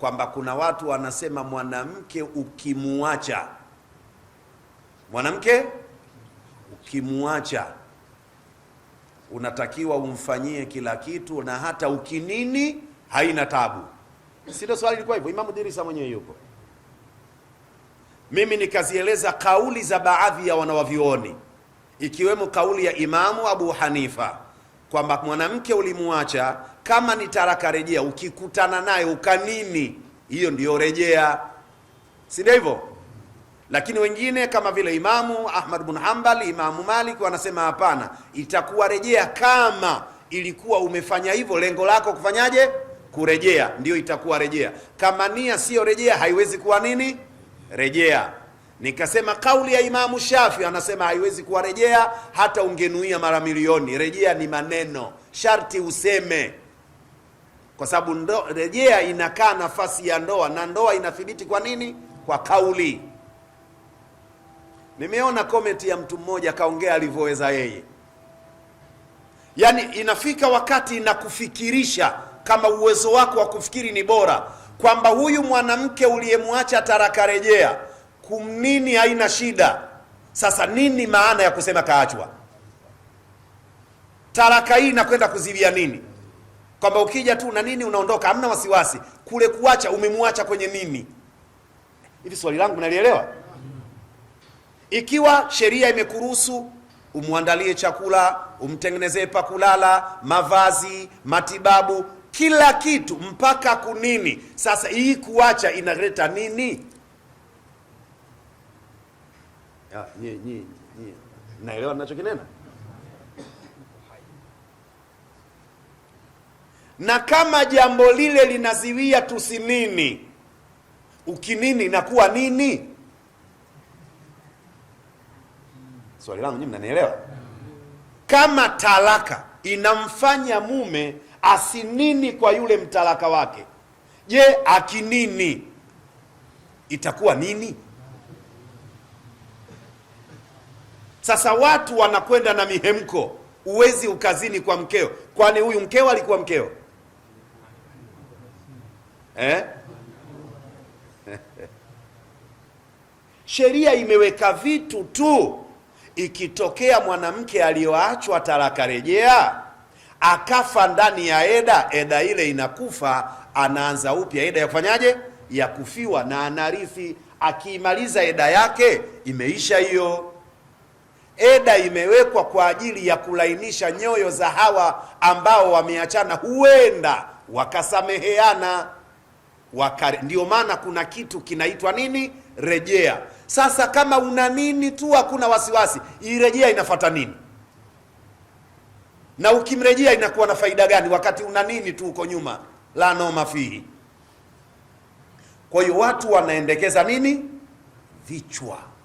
kwamba kuna watu wanasema mwanamke ukimuacha, mwanamke ukimuacha unatakiwa umfanyie kila kitu, na hata ukinini haina tabu. Si ndio swali lilikuwa hivyo? Imamu Dirisa mwenyewe yupo, mimi nikazieleza kauli za baadhi ya wanawavioni ikiwemo kauli ya Imamu Abu Hanifa kwamba mwanamke ulimuacha kama ni taraka rejea, ukikutana naye ukanini, hiyo ndiyo rejea, si ndio hivyo? Lakini wengine kama vile Imamu Ahmad bin Hanbal, Imamu Malik wanasema hapana, itakuwa rejea kama ilikuwa umefanya hivyo, lengo lako kufanyaje? Kurejea, ndiyo itakuwa rejea. Kama nia siyo rejea, haiwezi kuwa nini? Rejea. Nikasema kauli ya Imamu Shafi anasema haiwezi kuwa rejea hata ungenuia mara milioni. Rejea ni maneno, sharti useme kwa sababu rejea inakaa nafasi ya ndoa, na ndoa inathibiti kwa nini? Kwa kauli. Nimeona komenti ya mtu mmoja kaongea alivyoweza yeye, yaani inafika wakati na kufikirisha kama uwezo wako wa kufikiri ni bora, kwamba huyu mwanamke uliyemwacha taraka rejea kumnini haina shida. Sasa nini maana ya kusema kaachwa? Taraka hii inakwenda kuzibia nini? kwamba ukija tu na nini unaondoka, hamna wasiwasi. Kule kuacha umemwacha kwenye nini? Hivi swali langu mnalielewa? Ikiwa sheria imekuruhusu umwandalie chakula, umtengenezee pa kulala, mavazi, matibabu, kila kitu mpaka kunini, sasa hii kuacha inaleta nini? Naelewa ninachokinena. na kama jambo lile linaziwia tusinini, ukinini inakuwa nini? Swali langu nyinyi mnanielewa? Kama talaka inamfanya mume asinini kwa yule mtalaka wake, je, akinini itakuwa nini? Sasa watu wanakwenda na mihemko, uwezi ukazini kwa mkeo. Kwani huyu mkeo alikuwa mkeo? eh? Sheria imeweka vitu tu. Ikitokea mwanamke aliyoachwa talaka rejea akafa ndani ya eda, eda ile inakufa, anaanza upya eda ya kufanyaje, ya kufiwa na anarithi. Akiimaliza eda yake imeisha hiyo. Eda imewekwa kwa ajili ya kulainisha nyoyo za hawa ambao wameachana, huenda wakasameheana wakare. Ndio maana kuna kitu kinaitwa nini? Rejea. Sasa kama una nini tu hakuna wasiwasi, irejea inafata nini? Na ukimrejea inakuwa na faida gani wakati una nini tu uko nyuma? La noma fihi. Kwa hiyo watu wanaendekeza nini? Vichwa.